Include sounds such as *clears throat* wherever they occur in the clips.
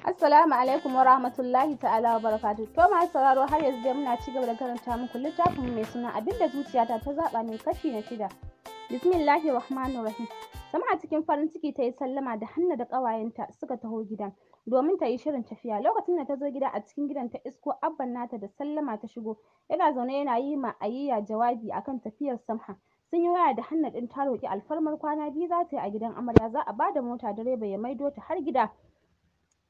Assalamu alaikum wa rahmatullahi ta'ala wa barakatu To ma sauraro har yanzu dai muna cigaba da karanta muku littafin mai suna abinda zuciyata ta zaba mai kashi na shida. Bismillahir rahmanir rahim. Sama cikin farin ciki ta yi sallama da hannu da ƙawayenta suka taho gidan domin ta yi shirin tafiya. Lokacin da ta zo gida a cikin gidan ta isko abban nata da sallama ta shigo. Yana zaune yana yi ma ayyaya jawabi akan tafiyar Samha. sun yi waya da hannu ɗin ta roƙi alfarmar kwana biyu za ta yi a gidan amarya za a bada mota direba ya maido ta har gida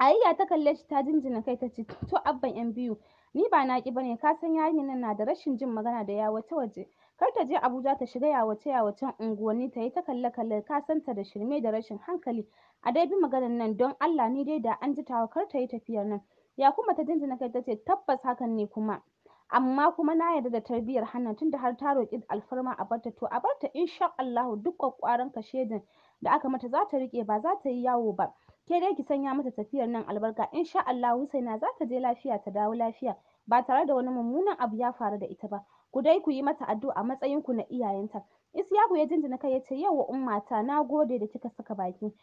Aliya ta kalle shi ta jinjina kai ta ce to abban yan biyu ni ba na naki bane ka san yarinyar nan na da rashin jin magana da ya wace waje kar ta je Abuja ta shiga yawace yawacen unguwanni ta yi ta kalle kalle ka san ta da shirme da rashin hankali a dai bi maganar nan don Allah ni dai da an ji tawa kar ta yi tafiyar nan ya kuma ta jinjina kai ta ce tabbas hakan ne kuma amma kuma na yarda da tarbiyar hannan tunda har ta roƙi alfarma a barta to a barta insha Allah duk kwakwaran kashedin da aka mata za ta riƙe ba za ta yi yawo ba ke dai ki sanya mata tafiyar nan albarka insha Allah Husaina za ta je lafiya ta dawo lafiya ba tare da wani mummunan abu ya faru da ita ba ku dai ku yi mata addu'a a matsayin ku na iyayenta Isyaku ya jinjina kai ya ce wa ummata na gode da kika saka baki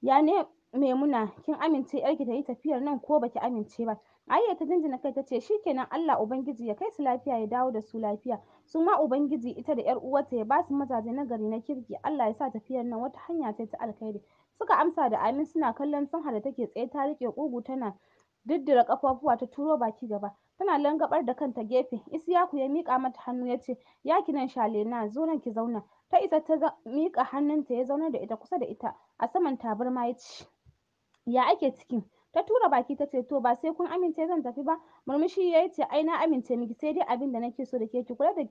ya ne Maimuna kin amince yarki ta yi tafiyar nan ko baki amince ba Ayya ta jinjina kai tace shikenan Allah ubangiji ya kai su lafiya ya dawo da su lafiya su ma ubangiji ita da yar uwarta ya ba su mazaje na gari na kirki Allah ya sa tafiyar nan wata hanya ce ta alkhairi Suka amsa da amin suna kallon sanha da take tsaye ta riƙe ƙugu tana diddira ƙafafuwa ta turo baki gaba. Tana langabar da kanta gefe. Isiyaku ya miƙa mata hannu yace, ce, "Ya ki nan Shalena, zo nan ki zauna." Ta isa ta miƙa hannunta ya zauna da ita kusa da ita a saman tabarma ya ce, "Ya ake cikin? ta tura baki ta ce to ba sai kun amince zan tafi ba murmushi ya ce ai na amince miki sai dai abin da nake so da ke ki kula da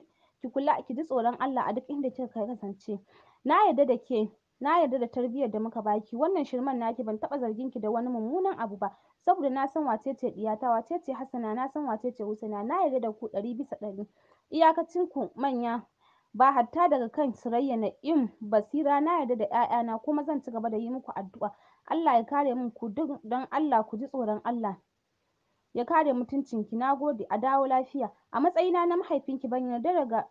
ki kula ki ji tsoron Allah a duk inda kika kasance na yarda da ke na yarda da tarbiyyar da muka baki wannan shirman naki ban taba zargin ki da wani mummunan abu ba saboda na san wacece diyata wacece hasana na san wacece husana na yarda da ku ɗari bisa ɗari iyakacin ku manya ba hatta daga kan surayya na'im basira na yarda da ƴaƴana kuma zan ci gaba da yi muku addu'a Allah ya kare min ku duk don Allah ku ji tsoron Allah ya kare mutuncinki na gode a dawo lafiya a matsayina na mahaifinki ban yarda daga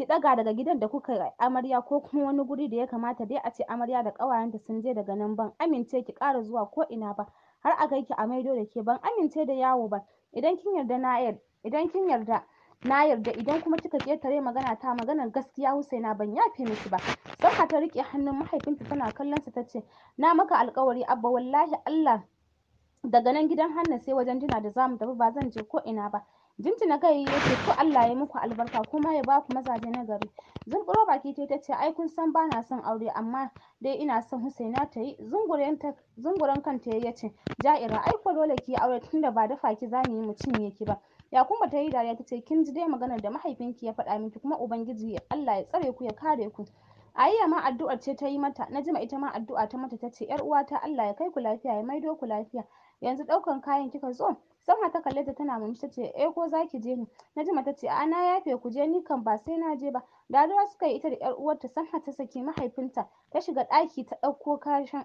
ki ɗaga daga gidan da kuka yi amarya ko kuma wani guri da ya kamata dai a ce amarya da ƙawayenta sun je daga nan ban amince ki ƙara zuwa ko ina ba har a kai ki a maido da ke ban amince da yawo ba idan kin yarda na yarda idan kin yarda na yarda idan kuma kika je tare magana ta maganar gaskiya Husaina ban yafe miki ba Sarka ta rike hannun mahaifinta tana kallon sa tace na maka alƙawari abba wallahi Allah daga nan gidan Hanna sai wajen jina da zamu tafi ba zan je ko ina ba jinjina kai ya ce ko Allah ya muku albarka kuma ya baku mazaje na gari zumburo baki ta ce ai kun san bana son aure amma dai ina son Husaina ta yi zunguren kanta ya ce Ja'ira ai ko dole ki aure tunda ba dafa ki zamu yi mu cinye ki ba ya kuma ta yi dariya ta ce kin ji dai maganar da mahaifinki ya faɗa miki kuma ubangiji Allah ya tsare ku ya kare ku ayiya ma addu'ar ce ta yi mata, na jima ita ma addu'a ta mata ta ce ‘yar uwata Allah ya kai ku lafiya ya maido ku lafiya, yanzu ɗaukan kayan kika zo? Salma ta kalle ta tana murmushi tace eh ko zaki je ne Najma tace a na yafe ku je ni kan ba sai na je ba dariya suka yi ita da yar uwarta Salma ta saki mahaifinta ta shiga ɗaki ta ɗauko kashin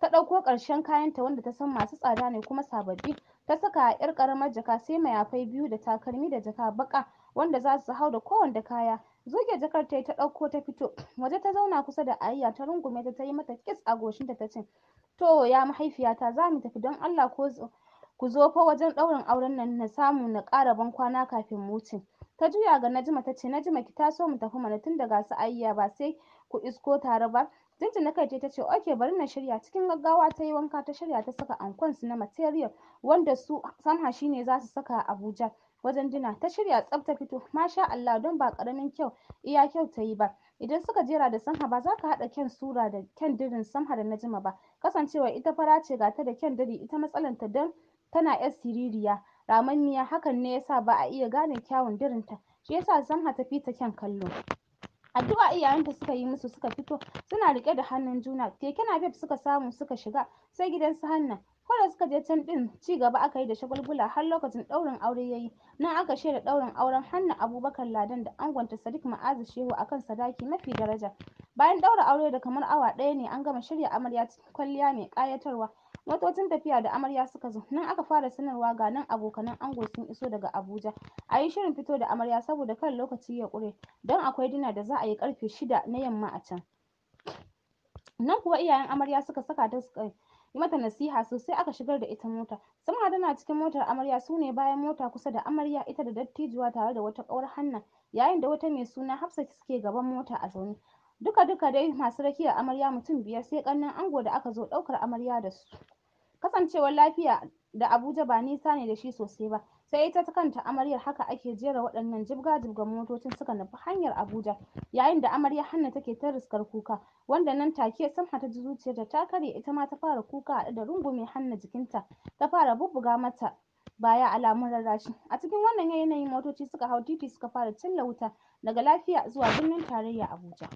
ta dauko ƙarshen kayanta wanda ta san masu tsada ne kuma sababbi ta saka a ƴar ƙaramar jaka sai mayafai biyu da takalmi da jaka baka wanda za su hau da kowanne kaya zuge jakar ta yi ta ɗauko ta fito *clears throat* waje ta zauna kusa da ayya ta rungume ta ta yi mata kis a goshinta ta ce to ya mahaifiyata za mu tafi don Allah ko ku zo fa wajen ɗaurin auren nan na samu na ƙara ban kwana kafin mu wuce ta juya ga Najma ta ce Najma ki taso mu tafi mana tun da ga su ayya ba sai ku isko tare ba na kai ta ce oke bari na shirya cikin gaggawa ta yi wanka ta shirya ta saka ankon su na material wanda su samha shine za su saka a Abuja wajen jina ta shirya tsaf ta fito masha Allah don ba karamin kyau iya kyau ta yi ba idan suka jera da samha ba za ka haɗa kyan sura da kyan dirin samha da Najma ba kasancewa ita fara ce ga ta da kyan diri ita matsalanta don tana ƴar siririya ramanniya hakan ne yasa ba a iya gane kyawun dirinta shi yasa tafi ta fita kyan kallo addu'a iyayenta suka yi musu suka fito suna riƙe da hannun juna keke napep suka samu suka shiga sai gidan su hanna ko da suka je can ɗin, ci gaba aka yi da shagulgula har lokacin ɗaurin aure yayi nan aka shaida ɗaurin auren hanna abubakar ladan da angonta sadiq ma'azu shehu akan sadaki mafi daraja bayan ɗaura aure da kamar awa ɗaya ne an gama shirya amarya cikin kwalliya mai ƙayatarwa motocin tafiya da amarya suka zo nan aka fara sanarwa ga nan abokanan ango sun iso daga abuja a yi shirin fito da amarya saboda kan lokaci ya ƙure don akwai dina da za a yi ƙarfe shida na yamma a can nan kuwa iyayen amarya suka saka ta suka yi mata nasiha sosai aka shigar da ita mota sama tana cikin motar amarya su ne bayan mota kusa da amarya ita da dattijuwa tare da wata kawar hannan yayin da wata mai suna hafsat suke gaban mota a zaune duka duka dai masu rakiyar amarya mutum biyar sai ƙannen ango da aka zo ɗaukar amarya da su Kasancewar lafiya da Abuja ba nisa ne da shi sosai ba, sai ita ta kanta amaryar haka ake jera waɗannan jibga jibga motocin suka nufi hanyar Abuja, yayin da amaryar hanna take ta riskar kuka, wanda nan take sun hata ji zuciyarta ta karye ita ma ta fara kuka a da rungume hanna jikinta ta fara bubbuga mata baya alamun rarrashi. A cikin wannan yanayin motoci suka hau titi suka fara cilla wuta daga lafiya zuwa birnin tarayya Abuja.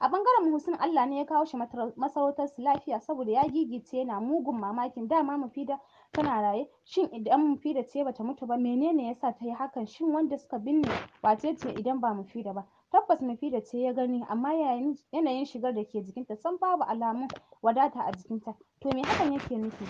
a bangaren muhsin allah ne ya kawo shi masarautar su lafiya saboda ya gigice yana mugun mamakin dama mufida tana raye shin idan mufida ce bata mutu ba menene yasa ta yi hakan shin wanda suka binne wace ce idan ba mufida ba tabbas mufida ce ya gani amma yanayin shigar da ke jikinta san babu alamun wadata a jikinta to me hakan yake nufi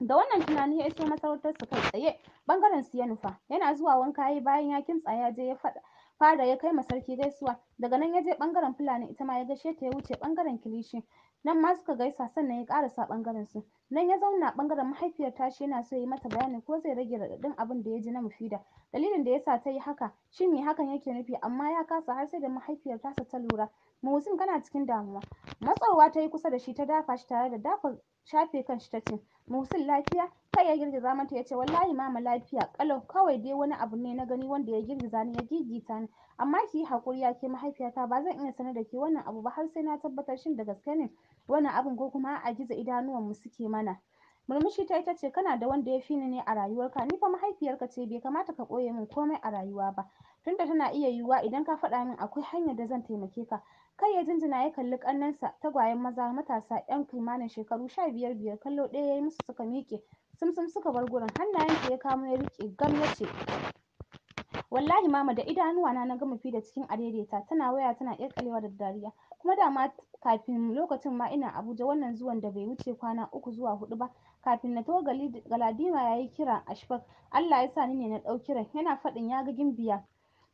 da wannan tunani ya iso masarautar su kai tsaye bangaren su ya nufa yana zuwa wanka yayi bayan ya kintsa ya je ya faɗa fada ya kai ma sarki gaisuwa daga nan ya je bangaren fulani ita ma ya gaishe ta ya wuce bangaren kilishi nan ma suka gaisa sannan ya karasa bangaren su Nan ya zauna ɓangaren mahaifiyar tashi yana so yi mata bayani ko zai rage raɗaɗin abin da ya ji na Mufida. Dalilin da yasa sa ta yi haka shin me hakan yake nufi amma ya kasa har sai da mahaifiyar tasa ta lura. Muhsin kana cikin damuwa. Matsowa ta yi kusa da shi ta dafa shi tare da dafa shafe kan shi ta ce Muhsin lafiya kai ya girgiza mata ya ce wallahi mama lafiya kalau kawai dai wani abu ne na gani wanda ya girgiza ni ya gigita ni amma ki yi hakuri ya ke mahaifiyata ba zan iya sanar da ke wannan abu ba har sai na tabbatar shin da gaske ne wannan abin ko kuma a gizo idanuwan mu suke ma mana murmushi ta ita ce kana da wanda ya fi ni ne a rayuwarka ni fa mahaifiyarka ce bai kamata ka ɓoye min komai a rayuwa ba tunda tana iya yiwuwa idan ka faɗa min akwai hanyar da zan taimake ka kai ya jinjina ya kalli ƙannensa tagwayen maza matasa yan kimanin shekaru sha biyar biyar kallo ɗaya ya yi musu suka miƙe sumsum suka bar gurin sa ya kamo ya riƙe gam ya ce wallahi mama da idanuwa na ga da cikin adaidaita tana waya tana ƙyalƙyalewa da dariya kuma dama kafin lokacin ma ina abuja wannan zuwan da bai wuce kwana uku zuwa hudu ba kafin na taho galadima ya yi kira shifak allah ya sa ni ne na ɗau kiran yana faɗin ya ga gimbiya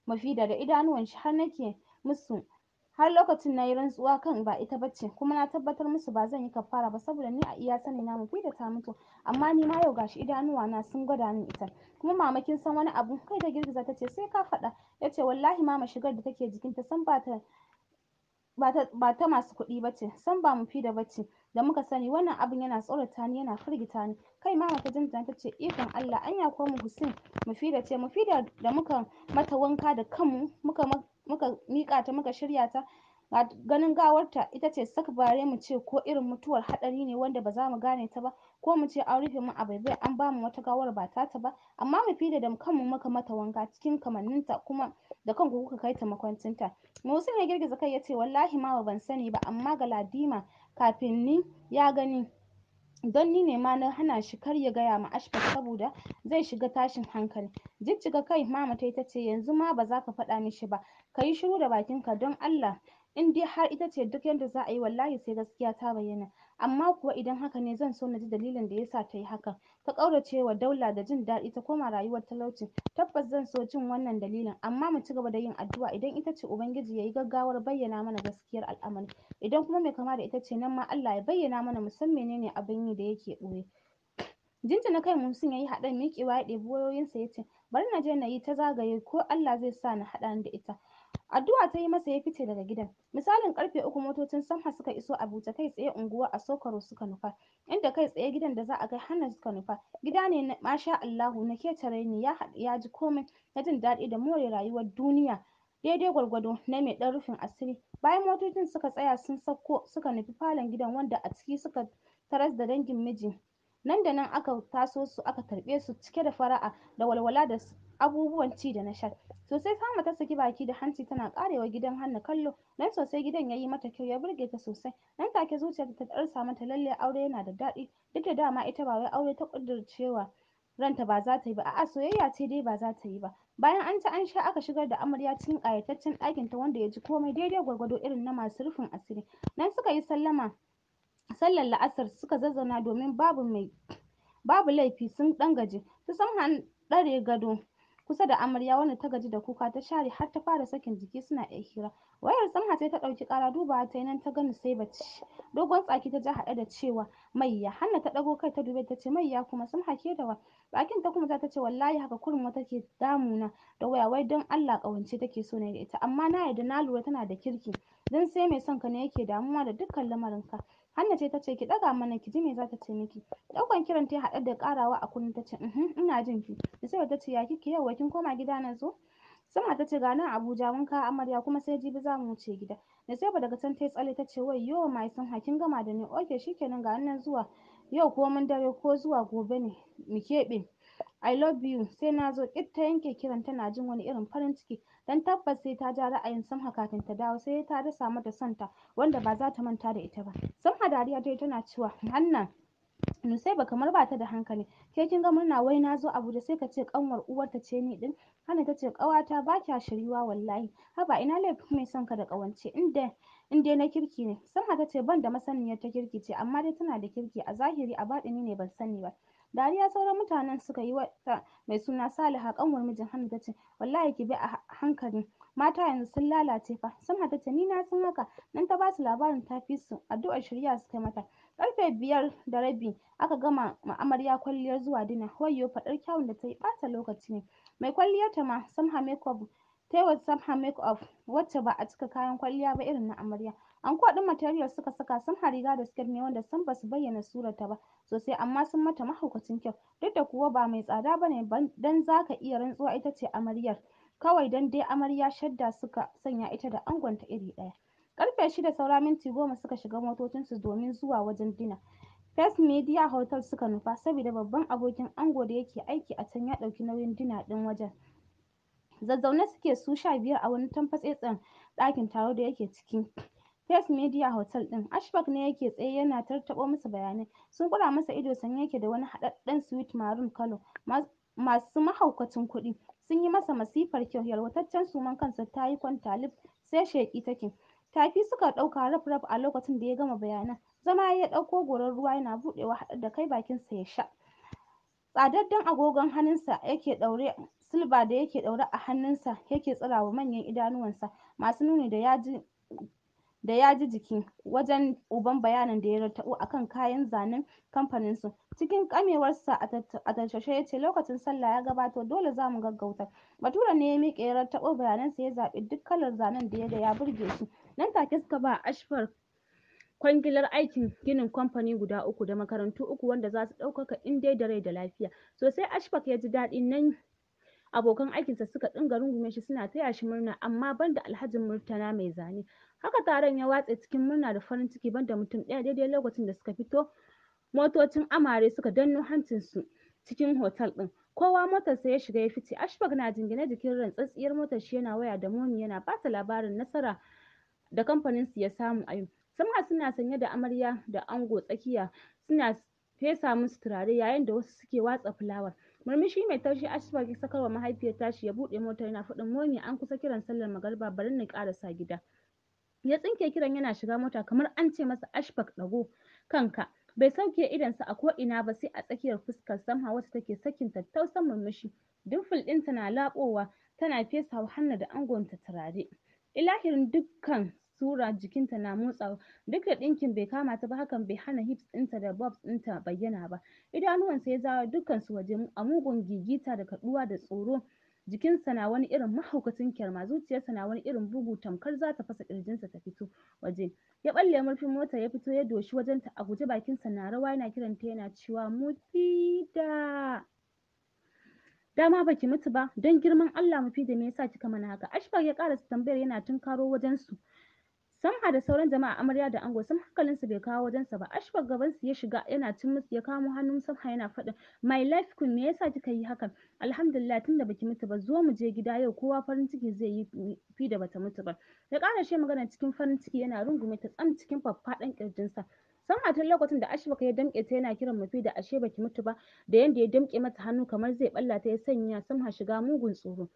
mafida da idanuwan shi har nake musu har lokacin na yi rantsuwa kan ba ita bace kuma na tabbatar musu ba zan yi kafara ba saboda ni a iya sani na da ta mutu amma ni ma yau gashi idanuwa na sun gwada min ita kuma mamakin san wani abu kai ta girgiza ta ce sai ka faɗa yace wallahi mama shigar da take jikinta san ba ta ba ta masu kuɗi bace, ce san ba mu fida ba ce da muka sani wannan abin yana tsorata ni yana firgita ni kai mama ta jinta ta ce ikon Allah anya ko mu Hussein mu fida ce mu fida da muka mata wanka da kanmu muka muka miƙa ta muka shirya ta ganin gawarta ita ce sak bare mu ce ko irin mutuwar haɗari ne wanda ba za mu gane ta ba ko mu ce an rufe mu a an bamu wata gawar ba ta ta ba amma mu fi da dam kanmu muka mata wanka cikin kamanninta kuma da kanku kuka kai ta makwancinta Musin ya girgiza kai ya ce wallahi ma ban sani ba amma ga ladima kafin ni ya gani don ni ne ma na hana shi kar ya gaya ma Ashfaq saboda zai shiga tashin hankali. Jijjiga kai mama ta ce yanzu ma ba za ka faɗa mishi ba ka yi shiru da bakinka don Allah in dai har ita ce duk yadda za a yi wallahi sai gaskiya ta bayyana amma kuwa idan haka ne zan so na ji dalilin da yasa ta yi hakan ta ƙaurace wa daula da jin daɗi ta koma rayuwar talauci tabbas zan so jin wannan dalilin amma mu ci gaba da yin addu'a idan ita ce ubangiji ya yi gaggawar bayyana mana gaskiyar al'amari idan kuma mai kama da ita ce nan ma Allah ya bayyana mana mu san menene abin yi da yake ɓoye na kai musin ya yi haɗan miƙewa ya ɗebi wayoyinsa ya ce bari na je na yi ta zagaye ko Allah zai sa na haɗa da ita addu'a ta yi masa ya fice daga gidan misalin karfe uku motocin samha suka iso abuja kai tsaye unguwa a sokoro suka nufa inda kai tsaye gidan da za a kai hannun suka nufa gida ne na masha allahu na ketare ne ya ya ji komai na jin daɗi da more rayuwar duniya daidai gwargwado na mai ɗan rufin asiri bayan motocin suka tsaya sun sauko suka nufi falon gidan wanda a ciki suka taras da dangin miji nan da nan aka taso su aka tarbe su cike da fara'a da walwala da abubuwan ci da na sha sosai Salma ta saki baki da hanci tana karewa gidan hannu kallo dan sosai gidan yayi mata kyau ya burge ta sosai nan take zuciyar ta ɗarsa mata lalle aure yana da daɗi duk da dama ita ba wai aure ta kudurcewa ranta ba za ta yi ba a'a soyayya ce dai ba za ta yi ba bayan an ci an sha aka shigar da amarya cikin ƙayataccen ɗakin ta wanda ya ji komai daidai gwargwado irin na masu rufin asiri nan suka yi sallama sallar la'asar suka zazzauna domin babu mai babu laifi sun ɗan gaji su san ɗare gado kusa da amarya wanda ta gaji da kuka ta share har ta fara sakin jiki suna iya hira wayar samha ta ɗauki ƙara dubawa ta yi nan ta gani sai bacci dogon tsaki ta ja haɗe da cewa maiya hanna ta ɗago kai ta dube ta ce maiya kuma sun hake da wa bakin ta kuma ta ce wallahi haka kurin wata ke damuna da waya wai don Allah ƙawance take so na da ita amma na yarda na lura tana da kirki dan sai mai son ka ne yake damuwa da dukkan lamarin ka Hanna ce tace ki daga mana ki ji me za ta ce miki. Ɗaukan kiran ta haɗa da karawa a ta tace uhum ina jin ki. Nasiba tace ya kike yau kin koma gida na zo? Sama tace ga nan Abuja mun kawo amarya kuma sai jibi za mu wuce gida. ba daga can ta tsalle tace wai yo mai son kin gama da ni. Oke shikenan ga nan zuwa yau ko mun dare ko zuwa gobe ne mu keɓe. I love you sai na zo ƙyat ta yanke kiran tana jin wani irin farin ciki dan tabbas sai ta ja ra'ayin Samha kafin ta dawo sai ta rasa mata santa wanda ba za ta manta da ita ba Samha dariya dai tana cewa Hannan Nusaiba kamar ba ta da hankali ke kin ga murna wai na zo Abuja sai ka ce kanwar uwarta ce ni din Hana ta ce ƙawata ba kya shiriwa, wallahi haba ina laifi mai son ka da kawance inda in na kirki ne Samha ta ce ban da masaniyar ta kirki ce amma dai tana da kirki a zahiri a baɗini ne ban sani ba Dariya sauran mutanen suka yi wata mai suna Saliha ƙanwar mijin hannu ta ce wallahi ki bi a hankali mata yanzu sun lalace fa Samha ta ni na san haka nan ta basu labarin ta fi su addu'ar shirya suka mata karfe biyar da rabi aka gama amarya kwalliyar zuwa dina wayyo faɗar kyawun da ta yi ɓata lokaci ne mai kwalliyar ta ma Samha makeup ta yi wa Samha makeup wacce ba a cika kayan kwalliya ba irin na amarya anko ɗin material suka saka sun riga da skirt ne wanda sun basu bayyana surata ba sosai amma sun mata mahaukacin kyau duk da kuwa ba mai tsada bane dan zaka iya rantsuwa ita ce amaryar kawai dan dai amarya shadda suka sanya ita da angon ta iri ɗaya karfe shida saura minti goma suka shiga motocinsu domin zuwa wajen dina First Media Hotel suka nufa saboda babban abokin ango da yake aiki a can ya ɗauki nauyin dina ɗin wajen. Zazzaune suke su sha biyar a wani tamfatsetsen ɗakin taro da yake cikin Face Media Hotel ɗin, Ashfaq ne yake tsaye yana tattaɓo masa bayanai, sun ƙura masa ido sanye yake da wani haɗaɗɗen suit maroon kalo masu mahaukacin kuɗi, sun yi masa masifar kyau, yalwataccen suman kansa ta yi kwanta lif sai sheƙi take. Tafi suka ɗauka raf-raf a lokacin da ya gama bayanan, zama ya ɗauko gorar ruwa yana buɗewa haɗe da kai bakinsa ya sha. Tsadadden agogon hannunsa yake ɗaure silba da yake ɗaure a hannunsa yake tsirawa manyan idanuwansa masu nuni da yaji. da ya ji jiki wajen uban bayanin da ya a kan kayan zanen kamfaninsu, cikin kamewarsa a tashashe ya ce lokacin sallah ya gabato dole za mu gaggauta bature ne ya miƙe ya rataɓo bayanansa ya zaɓi duk kalar zanen da ya da ya burge shi nan take suka ba ashfar kwangilar aikin ginin kamfani guda uku da makarantu uku wanda za su ɗaukaka in dai da rai da lafiya sosai ashfar ya ji daɗi nan abokan aikinsa suka ɗinga rungume shi suna taya shi murna amma banda alhajin murtala mai zane Haka taron ya watse cikin murna da farin ciki banda mutum ɗaya daidai lokacin da suka fito motocin amare suka danno hancinsu cikin hotel ɗin. Kowa motarsa ya shiga ya fice. Ashfaq na jingine jikin rantsatsiyar motar shi yana waya da Momi yana bata labarin nasara da kamfanin su ya samu a yau. Sama suna sanye da amarya da ango tsakiya suna fesa musu turare yayin da wasu suke watsa fulawar. Murmushi mai taushi Ashfaq ya sakarwa mahaifiyar shi ya buɗe motar yana faɗin Momi an kusa kiran sallar magariba bari na ƙarasa gida. ya tsinke kiran yana shiga mota kamar an ce masa ashfaq ɗago kanka bai sauke idonsa a ko'ina ba sai a tsakiyar fuskar samha wacce take sakin tattausan murmushi dimfil ɗinta na laɓowa tana fesa hannu da ta turare ilahirin dukkan sura jikinta na motsa duk da ɗinkin bai kama ta ba hakan bai hana hips ɗinta da bobs ɗinta bayyana ba idanuwansa ya zawa dukkan su waje a mugun gigita da kaɗuwa da tsoro jikinsa na wani irin mahaukacin kyarma zuciyarsa na wani irin bugu tamkar za ta fasa kirjinsa ta fito waje ya balle murfin mota ya fito ya doshi wajen ta a guje bakinsa na rawa yana kiran ta yana cewa mufida dama baki mutu ba don girman Allah mufida me yasa kika mana haka Ashfaq ya karasa tambayar yana tunkaro wajen su Samha da sauran jama'a amarya da ango sam su bai kawo sa ba. gaban su ya shiga yana cin musu ya kamo hannun Samha yana faɗin my life queen me yasa kika yi hakan? Alhamdulillah tunda baki mutu ba zo mu je gida yau kowa farin ciki zai yi fi da bata mutu ba. Ya ƙara shi magana cikin farin ciki yana rungume ta tsam cikin faffaɗan ƙirjinsa. Samha tun lokacin da Ashfaq ya damƙe ta yana kiran mafi da ashe baki mutu ba da yanda ya damƙe mata hannu kamar zai balla ta ya sanya Samha shiga mugun tsoro.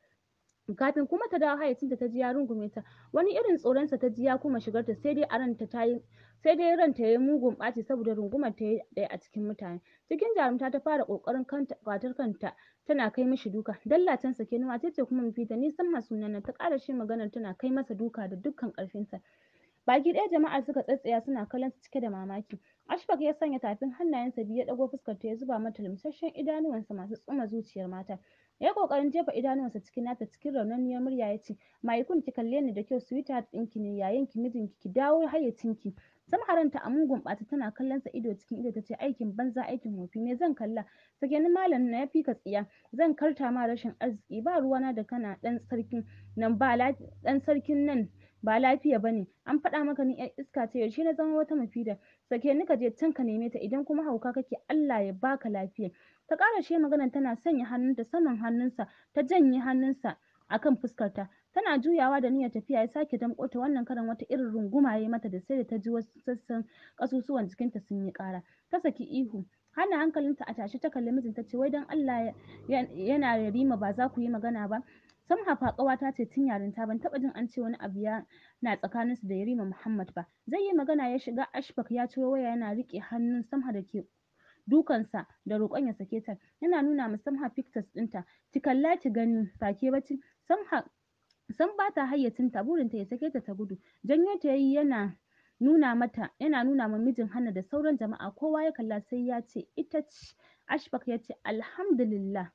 kafin kuma ta dawo hayacinta ta ji ya rungume ta wani irin tsoronsa ta ji ya kuma shigarta sai dai a ta yi sai dai ranta ya yi mugun ɓaci saboda rungumar ta yi ɗaya a cikin mutane cikin jarumta ta fara ƙoƙarin kanta kwatar kanta tana kai mishi duka dallacin sa kenan wace ce kuma mafita ni san masu ta ƙara shi maganar tana kai masa duka da dukkan ƙarfinsa baki ɗaya jama'a suka tsatsaya suna kallon su cike da mamaki ashfaq ya sanya tafin hannayensa biyu ya ɗago fuskar ta ya zuba mata limsasshen idanuwansa masu tsuma zuciyar mata yayi kokarin jefa idanuwansa cikin nata cikin raunanniyar murya yace ce. kun ki kalle ni da kyau sweetheart ɗinki ne yayin ki mijin ki ki dawo hayyacin ki Samha a mugun bata tana kallon sa ido cikin ido tace aikin banza aikin mofi ne. zan kalla sake ni malam na yafi ka tsiya zan karta ma rashin arziki ba ruwa na da kana ɗan sarkin nan ba dan sarkin nan ba lafiya bane an faɗa maka ni iska ce yaushe na zama wata mafida. sake ni ka je can ka neme ta idan kuma hauka kake Allah ya baka lafiya ta ƙara shi maganar tana sanya hannunta saman hannunsa ta janye hannunsa akan fuskarta tana juyawa da niyyar tafiya ya sake damƙo ta wannan karan wata irin runguma ya mata da sai da ta ji wasu sassan kasusuwan jikinta sun yi ƙara ta saki ihu hana hankalinta a tashi ta kalli mijinta ce wai don Allah yana yarima ba za ku yi magana ba Samha fa ƙawata ce tun yarinta ban taba jin an ce wani abu ya na tsakaninsu da Yarima Muhammad ba. Zai yi magana ya shiga Ashfaq ya ciro waya yana rike hannun Samha da ke dukansa da roƙon ya sake ta. Yana nuna ma Samha pictures ɗinta. Ki kalla ki gani ba ke ba Samha san ba ta burinta ya sake ta ta gudu. Janyo ta yi yana nuna mata yana nuna ma mijin Hanna da sauran jama'a kowa ya kalla sai ya ce ita ce. Ashfaq ya ce alhamdulillah